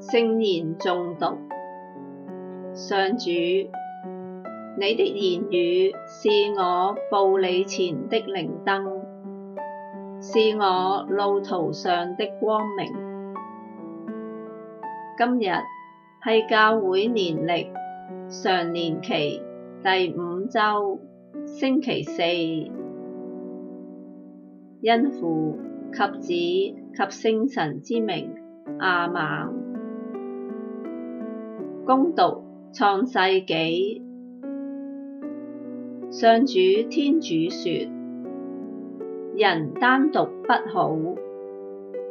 聖言誦讀，上主，你的言語是我步履前的靈燈，是我路途上的光明。今日。係教會年曆常年期第五週星期四，因父及子及聖神之名阿孟恭讀創世紀，上主天主説：人單獨不好，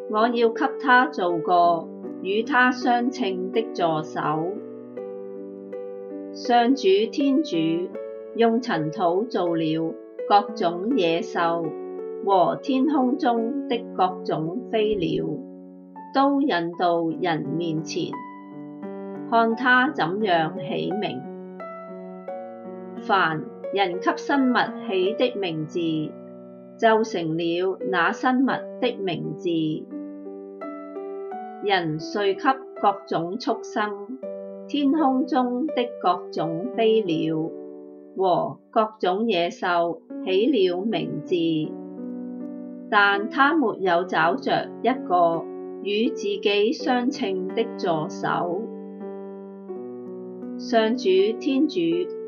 我要給他造個。與他相稱的助手，上主天主用塵土造了各種野獸和天空中的各種飛鳥，都引到人面前，看他怎樣起名。凡人給生物起的名字，就成了那生物的名字。人遂給各種畜牲、天空中的各種飛鳥和各種野獸起了名字，但他沒有找着一個與自己相稱的助手。上主天主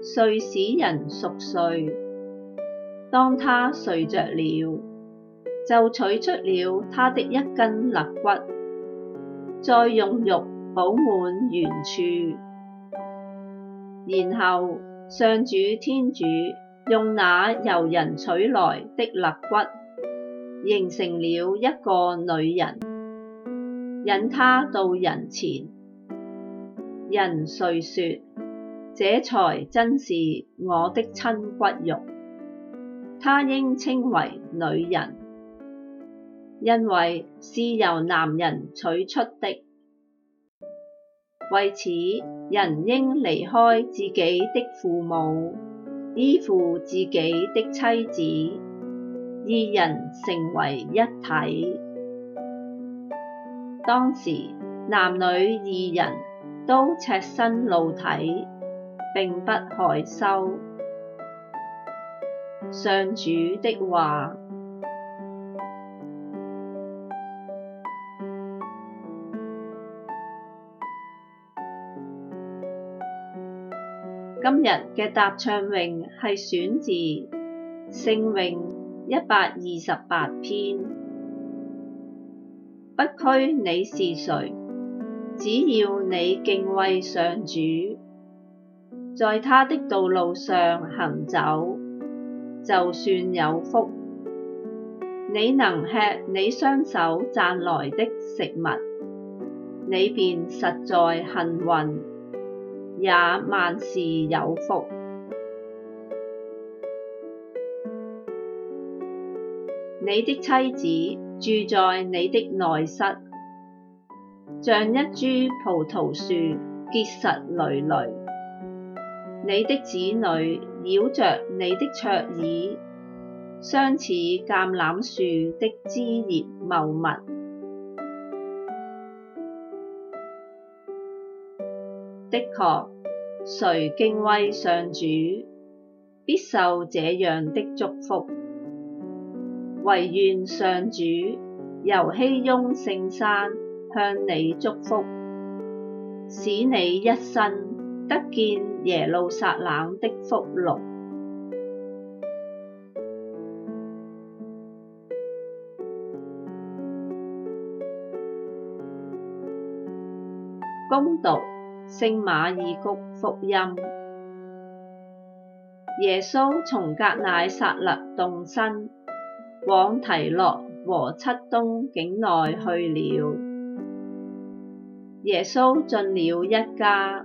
遂使人熟睡，當他睡着了，就取出了他的一根肋骨。再用肉補滿原處，然後上主天主用那由人取來的肋骨，形成了一個女人，引她到人前，人遂說：這才真是我的親骨肉，她應稱為女人。因為是由男人取出的。為此人應離開自己的父母，依附自己的妻子，二人成為一體。當時，男女二人都赤身露體，並不害羞。上主的話。今日嘅答唱詠係選自聖詠一百二十八篇。不拘你是誰，只要你敬畏上主，在他的道路上行走，就算有福。你能吃你雙手賺來的食物，你便實在幸運。也萬事有福。你的妻子住在你的內室，像一株葡萄樹結實纍纍。你的子女繞著你的桌椅，相似橄欖樹的枝葉茂密。的確，誰敬畏上主，必受這樣的祝福。唯願上主由熙雍聖山向你祝福，使你一生得見耶路撒冷的福祿。恭讀。聖馬爾谷福音：耶穌從革乃撒勒動身，往提洛和漆冬境內去了。耶穌進了一家，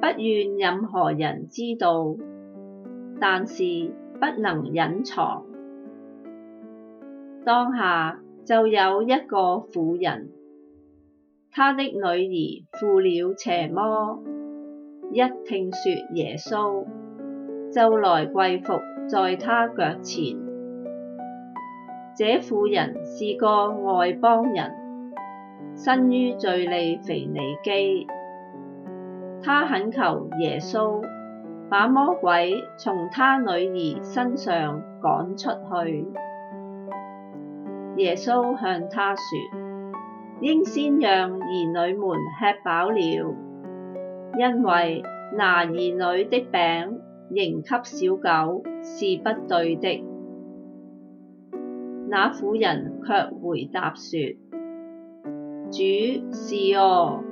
不願任何人知道，但是不能隱藏。當下就有一個婦人。她的女兒附了邪魔，一聽說耶穌，就來跪伏在他腳前。這婦人是個外邦人，生於敘利腓尼基。她懇求耶穌，把魔鬼從她女兒身上趕出去。耶穌向她說。應先讓兒女們吃飽了，因為拿兒女的餅扔給小狗是不對的。那婦人卻回答說：主，是哦，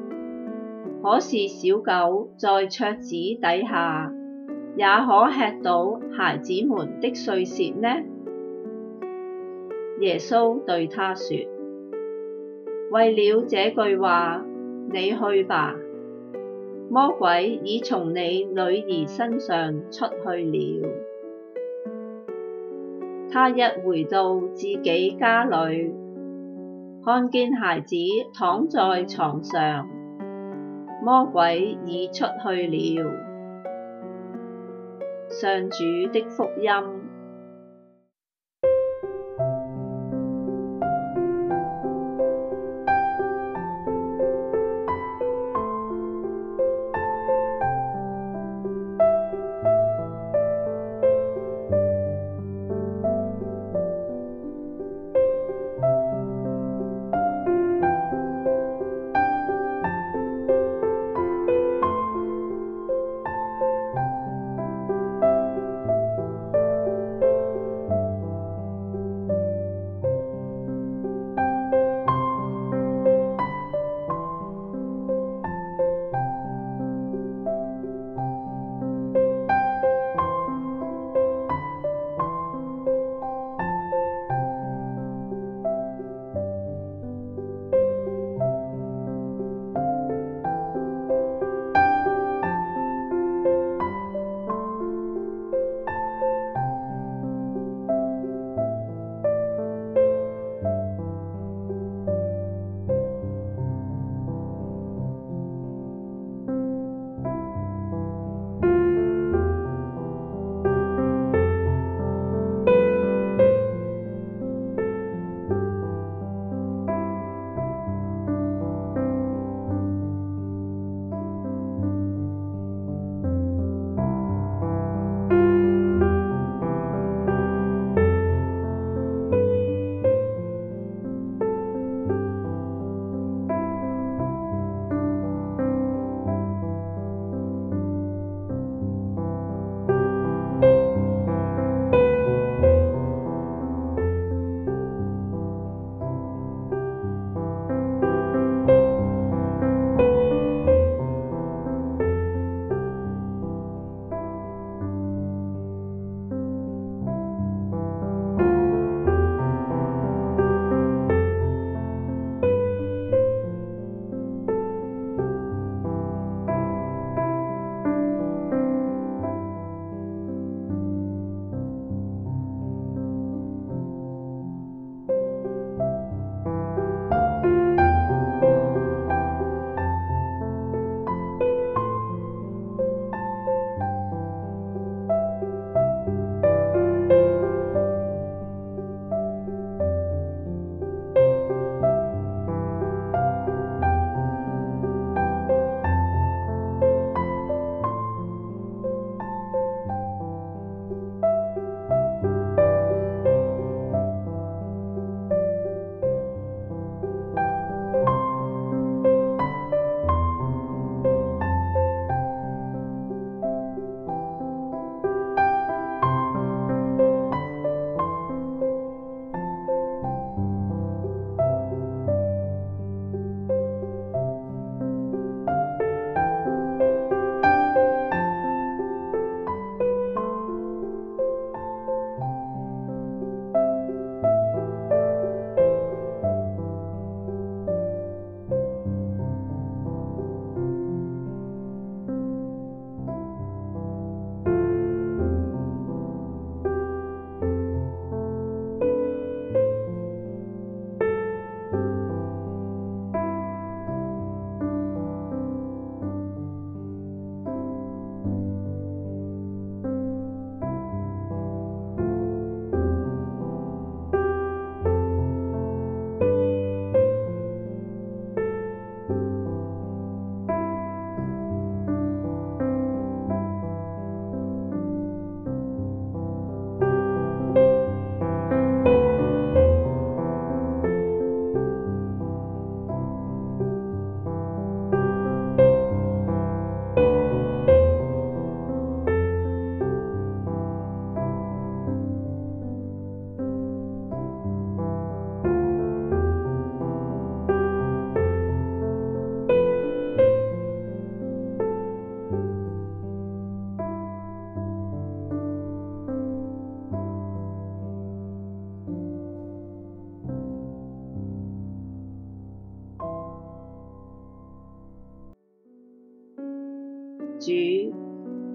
可是小狗在桌子底下，也可吃到孩子們的碎屑呢。耶穌對她說。為了這句話，你去吧。魔鬼已從你女兒身上出去了。他一回到自己家裏，看見孩子躺在床上，魔鬼已出去了。上主的福音。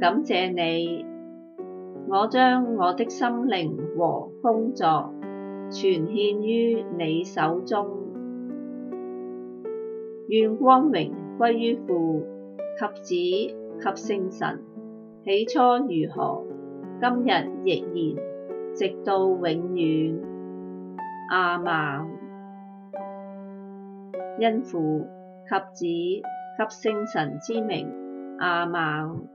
感謝你，我將我的心靈和工作全獻於你手中。願光榮歸於父及子及聖神，起初如何，今日亦然，直到永遠。阿們，因父及子及聖神之名。阿們。